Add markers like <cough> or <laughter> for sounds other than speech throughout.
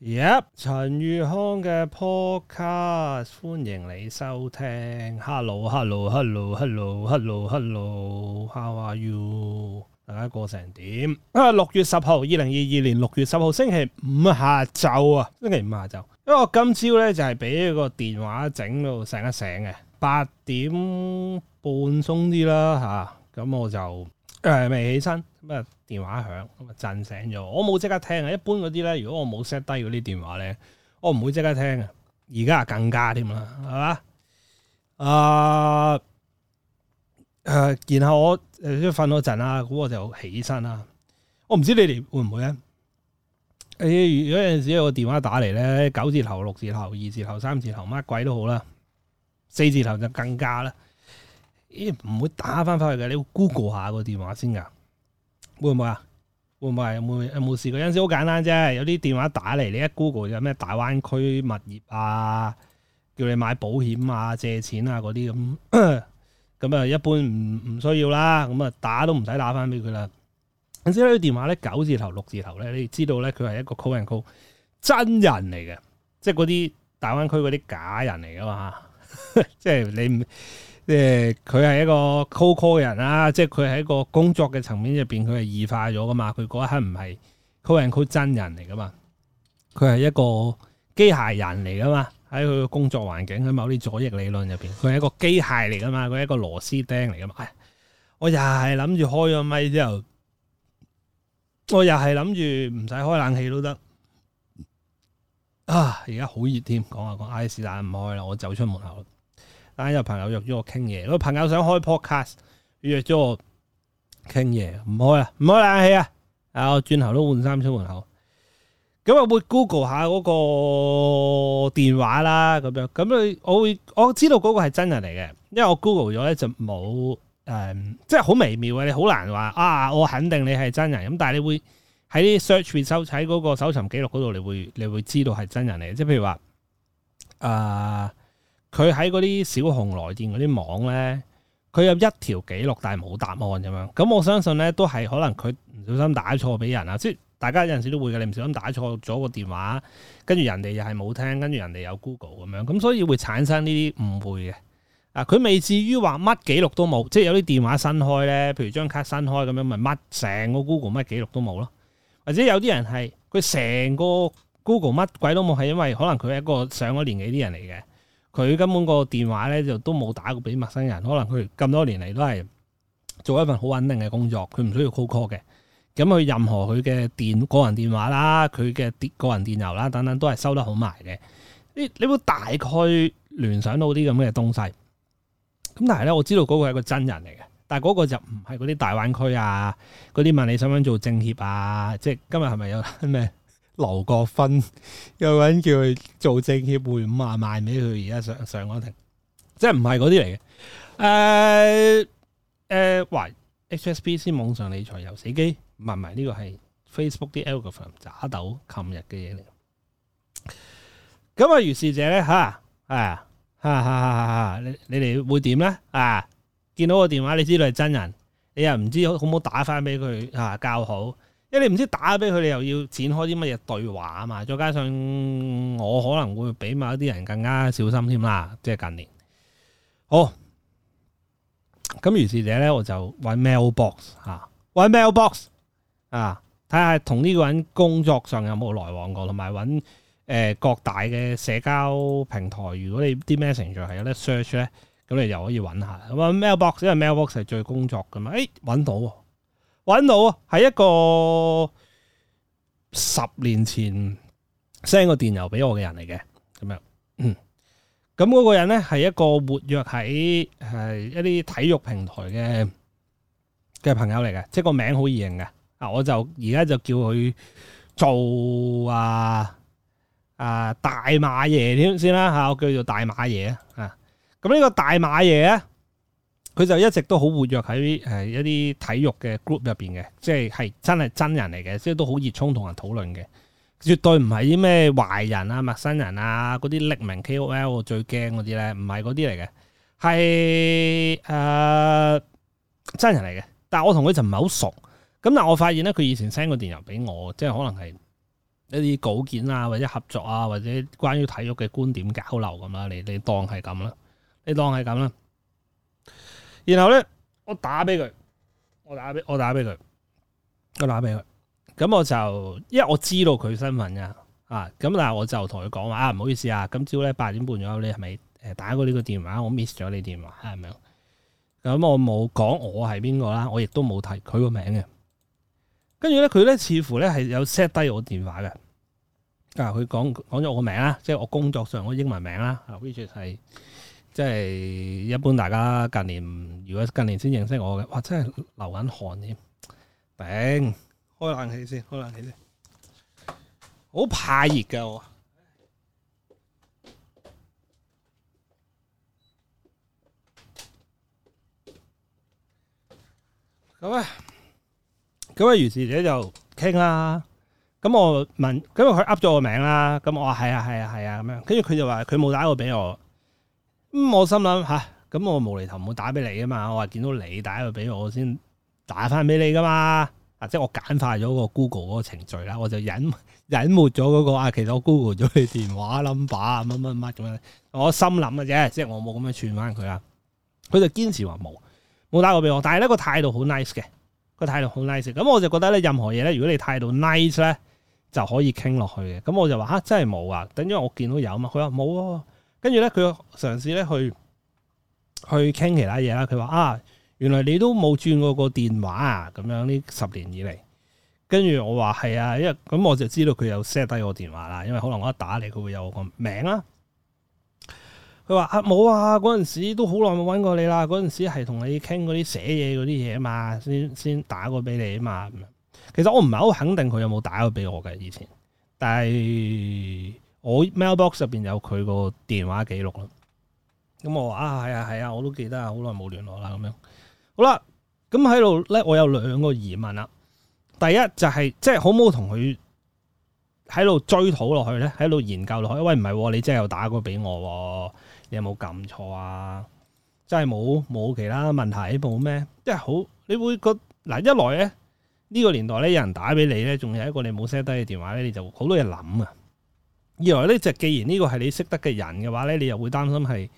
Yep，陳宇康嘅 podcast，歡迎你收聽。Hello，Hello，Hello，Hello，Hello，Hello，How Hello, are you？大家過成點？啊，六月十號，二零二二年六月十號星期五下晝啊，星期五下晝。因為我今朝咧就係、是、俾個電話整到成一醒嘅八點半鐘啲啦吓，咁、啊、我就誒未起身咁啊。電話響咁啊，震醒咗。我冇即刻聽啊。一般嗰啲咧，如果我冇 set 低嗰啲電話咧，我唔會即刻聽啊。而家啊，更加添啦，係嘛？啊誒，然後我誒瞓咗陣啦，咁我就起身啦。我唔知你哋會唔會咧？誒，有陣時有個電話打嚟咧，九字頭、六字頭、二字頭、三字頭，乜鬼都好啦，四字頭就更加啦。咦？唔會打翻返去嘅？你會 Google 下個電話先噶？會唔會啊？會唔會啊？會唔會啊？有冇試過？嗰陣時好簡單啫，有啲電話打嚟，你一 Google 有咩大灣區物業啊，叫你買保險啊、借錢啊嗰啲咁，咁啊一般唔唔需要啦。咁啊打都唔使打翻俾佢啦。咁所以呢啲電話咧，九字頭、六字頭咧，你知道咧，佢係一個 call in call 真人嚟嘅，即係嗰啲大灣區嗰啲假人嚟噶嘛， <laughs> 即係你。即係佢係一個 cold call 人啦，即係佢喺一個工作嘅層面入邊，佢係異化咗噶嘛。佢嗰一刻唔係 cold call 真人嚟噶嘛，佢係一個機械人嚟噶嘛。喺佢嘅工作環境喺某啲左翼理論入邊，佢係一個機械嚟噶嘛，佢係一個螺絲釘嚟噶嘛。我又係諗住開咗咪之後，我又係諗住唔使開冷氣都得。啊，而家好熱添，講講講 I C 冷唔開啦，我走出門口。但有朋友約咗我傾嘢，個朋友想開 Podcast，約咗我傾嘢，唔開啦，唔開冷氣啊！啊，我轉頭都換衫出門口。咁我會 Google 下嗰個電話啦，咁樣，咁你我會我知道嗰個係真人嚟嘅，因為我 Google 咗咧就冇誒、嗯，即係好微妙啊！你好難話啊，我肯定你係真人咁，但係你會喺啲 search result 喺嗰個搜尋記錄嗰度，你會你會知道係真人嚟嘅，即係譬如話啊。呃佢喺嗰啲小熊來電嗰啲網咧，佢有一條記錄，但係冇答案咁樣。咁我相信咧，都係可能佢唔小心打錯俾人啊！即係大家有陣時都會嘅，你唔小心打錯咗個電話，跟住人哋又係冇聽，跟住人哋有 Google 咁樣，咁所以會產生呢啲誤會嘅。啊，佢未至於話乜記錄都冇，即係有啲電話新開咧，譬如張卡新開咁樣，咪乜成個 Google 乜記錄都冇咯。或者有啲人係佢成個 Google 乜鬼都冇，係因為可能佢係一個上咗年紀啲人嚟嘅。佢根本個電話咧就都冇打過俾陌生人，可能佢咁多年嚟都係做一份好穩定嘅工作，佢唔需要 call call 嘅。咁佢任何佢嘅電個人電話啦，佢嘅電個人電郵啦等等都係收得好埋嘅。你你會大概聯想到啲咁嘅東西。咁但係咧，我知道嗰個係個真人嚟嘅，但係嗰個就唔係嗰啲大灣區啊，嗰啲問你想唔想做政協啊，即係今日係咪有咩？留個分，又搵叫佢做政協會五啊萬俾佢，而家上上個庭，即係唔係嗰啲嚟嘅。誒、呃、誒、呃、，HSBC 網上理財又死機，唔係唔係呢個係 Facebook 啲 algorithm 打鬥，琴日嘅嘢嚟。咁啊，如是者咧吓，啊，吓、啊啊啊、你你哋會點咧？啊，見到個電話，你知道係真人，你又唔知好唔好打翻俾佢吓較好。因為你唔知打咗俾佢，你又要展開啲乜嘢對話啊嘛！再加上我可能會比某啲人更加小心添啦，即係近年。好，咁於是者咧，我就揾 mail box 啊，揾 mail box 啊，睇下同呢個人工作上有冇來往過，同埋揾誒各大嘅社交平台。如果你啲 message 係有得 search 咧，咁你又可以揾下。咁、啊、mail box，因為 mail box 係最工作噶嘛，哎，揾到喎。搵到啊，係一個十年前 send 個電郵俾我嘅人嚟嘅，咁樣，嗯，咁嗰個人咧，係一個活躍喺係一啲體育平台嘅嘅朋友嚟嘅，即係個名好易認嘅，啊，我就而家就叫佢做啊啊大馬爺添先啦吓，我叫佢做大馬爺啊，咁呢個大馬爺咧。佢就一直都好活躍喺誒一啲體育嘅 group 入邊嘅，即係係真係真人嚟嘅，即係都好熱衷同人討論嘅，絕對唔係啲咩壞人啊、陌生人啊、嗰啲匿名 KOL 最驚嗰啲咧，唔係嗰啲嚟嘅，係誒、呃、真人嚟嘅。但我同佢就唔係好熟，咁但係我發現咧，佢以前 send 個電郵俾我，即係可能係一啲稿件啊，或者合作啊，或者關於體育嘅觀點交流咁啦，你你當係咁啦，你當係咁啦。然後咧，我打俾佢，我打俾我打俾佢，我打俾佢。咁我，我就，因為我知道佢身份噶，啊，咁嗱，我就同佢講話啊，唔好意思啊，今朝咧八點半左右，你係咪誒打過呢個電話？我 miss 咗你電話係咪？咁我冇講我係邊個啦，我亦都冇提佢個名嘅。跟住咧，佢咧似乎咧係有 set 低我電話嘅。啊，佢講講咗我個名啦，即係我工作上我英文名啦，係、啊。即係一般，大家近年如果近年先認識我嘅，哇！真係流緊汗添。頂，開冷氣先，開冷氣先。好怕熱噶，咁、嗯、啊，咁啊，於是咧就傾啦。咁我問，咁佢噏咗我名啦。咁我話係啊，係啊，係啊，咁樣。跟住佢就話佢冇打過俾我。咁、嗯、我心諗吓，咁、啊、我無厘頭冇打俾你啊嘛，我話見到你打個俾我先打翻俾你噶嘛，啊即係我簡化咗個 Google 嗰個程序啦，我就隱隱沒咗嗰、那個啊，其實我 Google 咗你電話 number 乜乜乜咁樣，我心諗嘅啫，即係我冇咁樣串翻佢啊，佢就堅持話冇，冇打過俾我，但係呢、那個態度好 nice 嘅，那個態度好 nice，咁我就覺得呢任何嘢呢，如果你態度 nice 呢，就可以傾落去嘅，咁我就話吓、啊、真係冇啊，等於我見到有啊嘛，佢話冇啊。跟住咧，佢嘗試咧去去傾其他嘢啦。佢話啊，原來你都冇轉過個電話啊，咁樣呢十年以嚟。跟住我話係啊，因為咁我就知道佢有 set 低我電話啦，因為可能我一打你，佢會有個名啊。佢話啊，冇啊，嗰陣時都好耐冇揾過你啦。嗰陣時係同你傾嗰啲寫嘢嗰啲嘢啊嘛，先先打過俾你啊嘛。其實我唔係好肯定佢有冇打過俾我嘅以前，但係。我 mailbox 入邊有佢個電話記錄啦，咁我話啊係啊係啊，我都記得啊，好耐冇聯絡啦，咁樣好啦。咁喺度咧，我有兩個疑問啦。第一就係、是、即係好冇同佢喺度追討落去咧，喺度研究落去。喂，唔係、喎、你真係有打過俾我、喎，你有冇撳錯啊？真係冇冇其他問題喺度咩？即係好你會覺嗱一來咧呢、呢個年代咧有人打俾你咧，仲有一個你冇 set 低嘅電話咧，你就好多嘢諗啊。原來咧就，既然呢個係你識得嘅人嘅話咧，你又會擔心係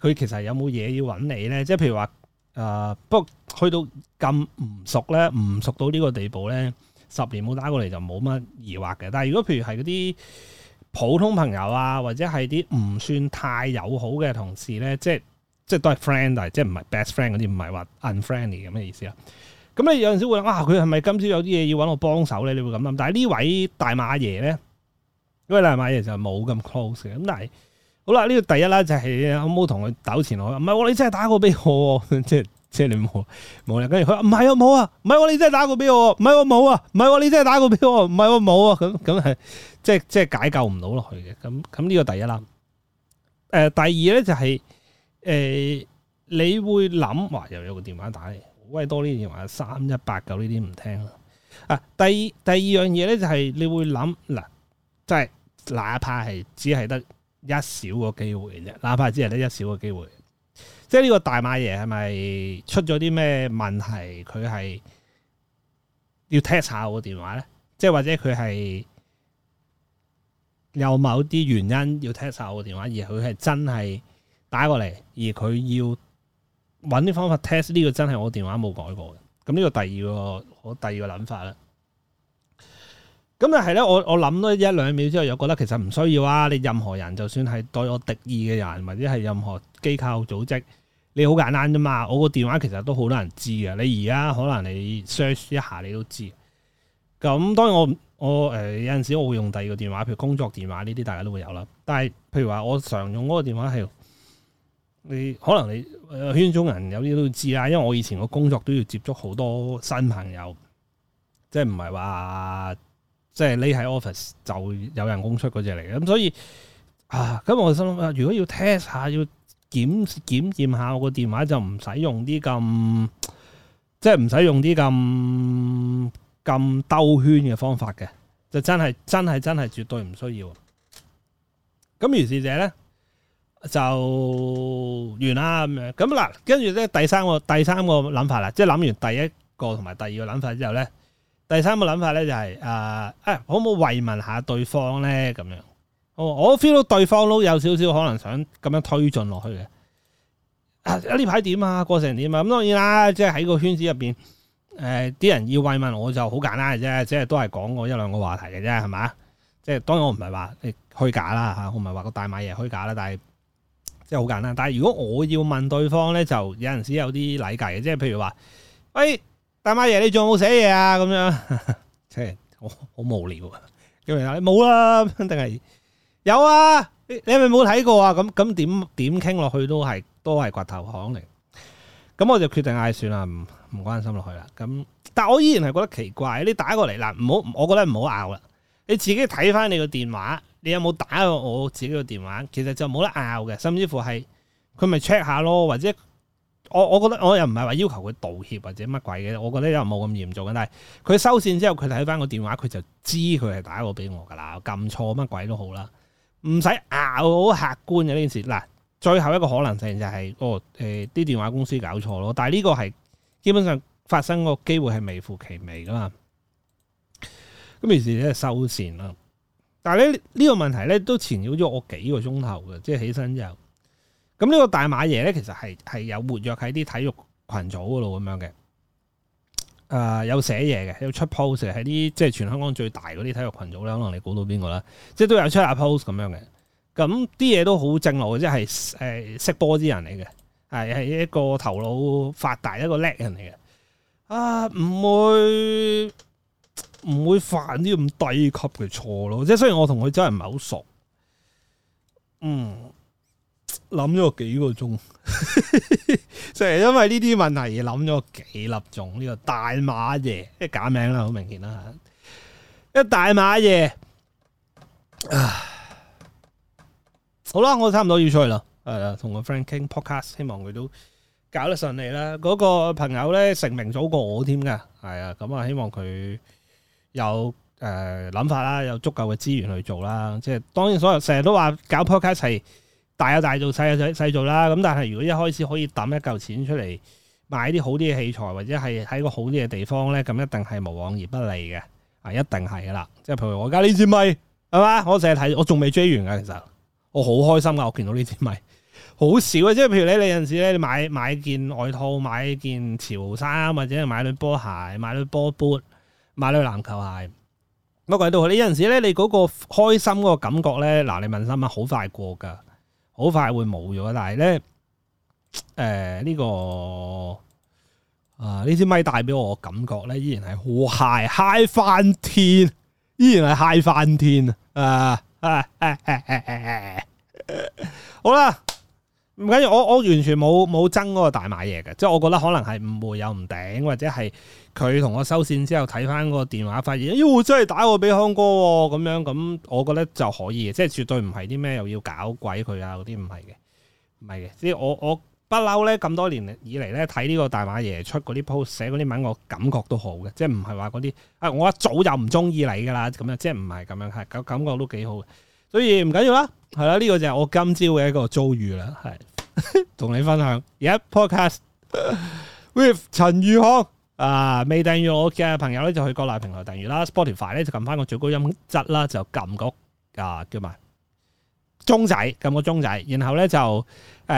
佢其實有冇嘢要揾你咧？即係譬如話，誒、呃、不過去到咁唔熟咧，唔熟到呢個地步咧，十年冇打過嚟就冇乜疑惑嘅。但係如果譬如係嗰啲普通朋友啊，或者係啲唔算太友好嘅同事咧，即係即係都係 friend 嚟，但係即係唔係 best friend 嗰啲，唔係話 unfriendly 咁嘅意思啦啊。咁你有陣時會，哇！佢係咪今朝有啲嘢要揾我幫手咧？你會咁諗。但係呢位大馬爺咧？因為大買嘢就冇咁 close 嘅，咁但係好啦，呢個第一啦就係、是、有冇同佢糾纏我。唔係喎，你真係打過俾我，唔係我冇啊，唔係喎，你真係打過俾我，唔係我冇啊，咁咁係即係即係解救唔到落去嘅。咁咁呢個第一啦。誒、呃，第二咧就係、是、誒、呃，你會諗話又有個電話打嚟，喂，多呢電話三一八九呢啲唔聽啦。啊，第二第二樣嘢咧就係、是、你會諗嗱，就係、是。哪怕係只係得一小個機會嘅啫，哪怕係只係得一小個機會，即係呢個大馬爺係咪出咗啲咩問題？佢係要 test 下我電話咧，即係或者佢係有某啲原因要 test 下我個電話，而佢係真係打過嚟，而佢要揾啲方法 test 呢個真係我個電話冇改過嘅，咁呢個第二個我第二個諗法啦。咁但係咧，我我諗多一兩秒之後又覺得其實唔需要啊！你任何人，就算係對我敵意嘅人，或者係任何機構組織，你好簡單啫嘛。我個電話其實都好多人知嘅。你而家可能你 search 一下，你都知。咁當然我我誒有陣時我會用第二個電話，譬如工作電話呢啲，大家都會有啦。但係譬如話我常用嗰個電話係，你可能你圈中人有啲都知啦。因為我以前個工作都要接觸好多新朋友，即係唔係話。即係匿喺 office 就有人供出嗰隻嚟嘅，咁所以啊，咁我心諗啊，如果要 test 下，要檢檢驗下我個電話就唔使用啲咁，即係唔使用啲咁咁兜圈嘅方法嘅，就真係真係真係絕對唔需要。咁餘是者咧就完啦咁樣。咁嗱，跟住咧第三個第三個諗法啦，即係諗完第一個同埋第二個諗法之後咧。第三個諗法咧就係、是、誒，誒、啊哎，可唔可以慰問下對方咧咁樣？我我 feel 到對方都有少少可能想咁樣推進落去嘅。呢排點啊？過成點啊？咁當然啦，即係喺個圈子入邊，誒、呃、啲人要慰問我就好簡單嘅啫，即係都係講過一兩個話題嘅啫，係嘛？即係當然我唔係話誒虛假啦嚇，我唔係話個大買嘢虛假啦，但係即係好簡單。但係如果我要問對方咧，就有陣時有啲禮儀嘅，即係譬如話，喂、哎。阿媽爺，你仲有冇寫嘢啊？咁樣即係好好無聊啊！因為你冇啦，定係有啊？你你係咪冇睇過啊？咁咁點點傾落去都係都係掘頭行嚟。咁我就決定嗌算啦，唔唔關心落去啦。咁，但我依然係覺得奇怪。你打過嚟嗱，唔好，我覺得唔好拗啦。你自己睇翻你個電話，你有冇打過我自己個電話？其實就冇得拗嘅，甚至乎係佢咪 check 下咯，或者。我我覺得我又唔係話要求佢道歉或者乜鬼嘅，我覺得又冇咁嚴重嘅。但係佢收線之後，佢睇翻個電話，佢就知佢係打過俾我噶啦，撳錯乜鬼都好啦，唔使拗好客觀嘅呢件事。嗱，最後一個可能性就係、是、哦，誒、呃、啲電話公司搞錯咯。但係呢個係基本上發生個機會係微乎其微噶嘛。咁於是咧收線啦。但係咧呢個問題咧都纏繞咗我幾個鐘頭嘅，即係起身之後。咁呢個大馬爺咧，其實係係有活躍喺啲體育群組嗰度咁樣嘅，誒、呃，有寫嘢嘅，有出 post 嘅喺啲即係全香港最大嗰啲體育群組咧，可能你估到邊個啦？即係都有出下 post 咁樣嘅，咁啲嘢都好正路，即係誒識波啲人嚟嘅，係係一個頭腦發達一個叻人嚟嘅，啊，唔會唔會犯啲咁低級嘅錯咯？即係雖然我同佢真係唔係好熟，嗯。諗咗幾個鐘，就係因為呢啲問題而諗咗幾粒鐘。呢個大馬爺，即係假名啦，好明顯啦，一個大馬爺。好啦，我差唔多要出去啦，係啦，同個 friend 傾 podcast，希望佢都搞得順利啦。嗰個朋友咧成名早過我添噶，係啊，咁啊，希望佢有誒諗法啦，有足夠嘅資源去做啦。即係當然，所有成日都話搞 podcast 係。大有大做，細有細細做啦。咁但係如果一開始可以揼一嚿錢出嚟買啲好啲嘅器材，或者係喺個好啲嘅地方咧，咁一定係無往而不利嘅。啊，一定係噶啦！即係譬如我而家呢支咪係嘛，我成日睇，我仲未追完㗎。其實我好開心㗎，我見到呢支咪好少啊。即係譬如你你有陣時咧，你買買件外套，買件潮衫，或者係買對波鞋，買對波 boot，買對籃球鞋。乜鬼都好，你有陣時咧，你嗰個開心嗰個感覺咧，嗱，你問心啊，好快過㗎。好快會冇咗，但係咧，誒、呃、呢、這個啊呢支咪帶俾我感覺咧，依然係好 high high 翻天，依然係 high 翻天啊啊，啊，啊，啊，啊，啊，啊！好啦。唔緊要，我我完全冇冇憎嗰個大馬爺嘅，即係我覺得可能係唔會又唔頂，或者係佢同我收線之後睇翻個電話，發現，咦、哎，真係打過俾康哥喎、哦，咁樣咁，我覺得就可以嘅，即係絕對唔係啲咩又要搞鬼佢啊嗰啲唔係嘅，唔係嘅，即係我我不嬲咧咁多年以嚟咧睇呢個大馬爺出嗰啲 post 寫嗰啲文，我感覺都好嘅，即係唔係話嗰啲啊，我一早就唔中意你噶啦咁樣，即係唔係咁樣，係感感覺都幾好嘅，所以唔緊要啦。係啦，呢、這個就係我今朝嘅一個遭遇啦，係同你分享而家 <laughs> Yep , podcast <laughs> with 陳宇航，啊，未訂閱我嘅朋友咧就去國內平台訂閱啦，Spotify 咧就撳翻個最高音質啦，就撳、那個啊叫埋。鐘仔撳個鐘仔，然後咧就誒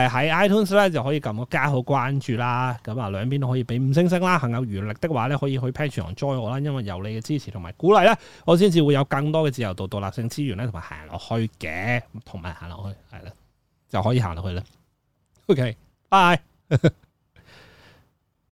喺、呃、iTunes 咧就可以撳個加號關注啦。咁啊，兩邊都可以俾五星星啦。行有餘力的話咧，可以去 Patreon join 我啦。因為有你嘅支持同埋鼓勵咧，我先至會有更多嘅自由度、獨立性資源咧，同埋行落去嘅，同埋行落去，係啦，就可以行落去啦。OK，bye <laughs>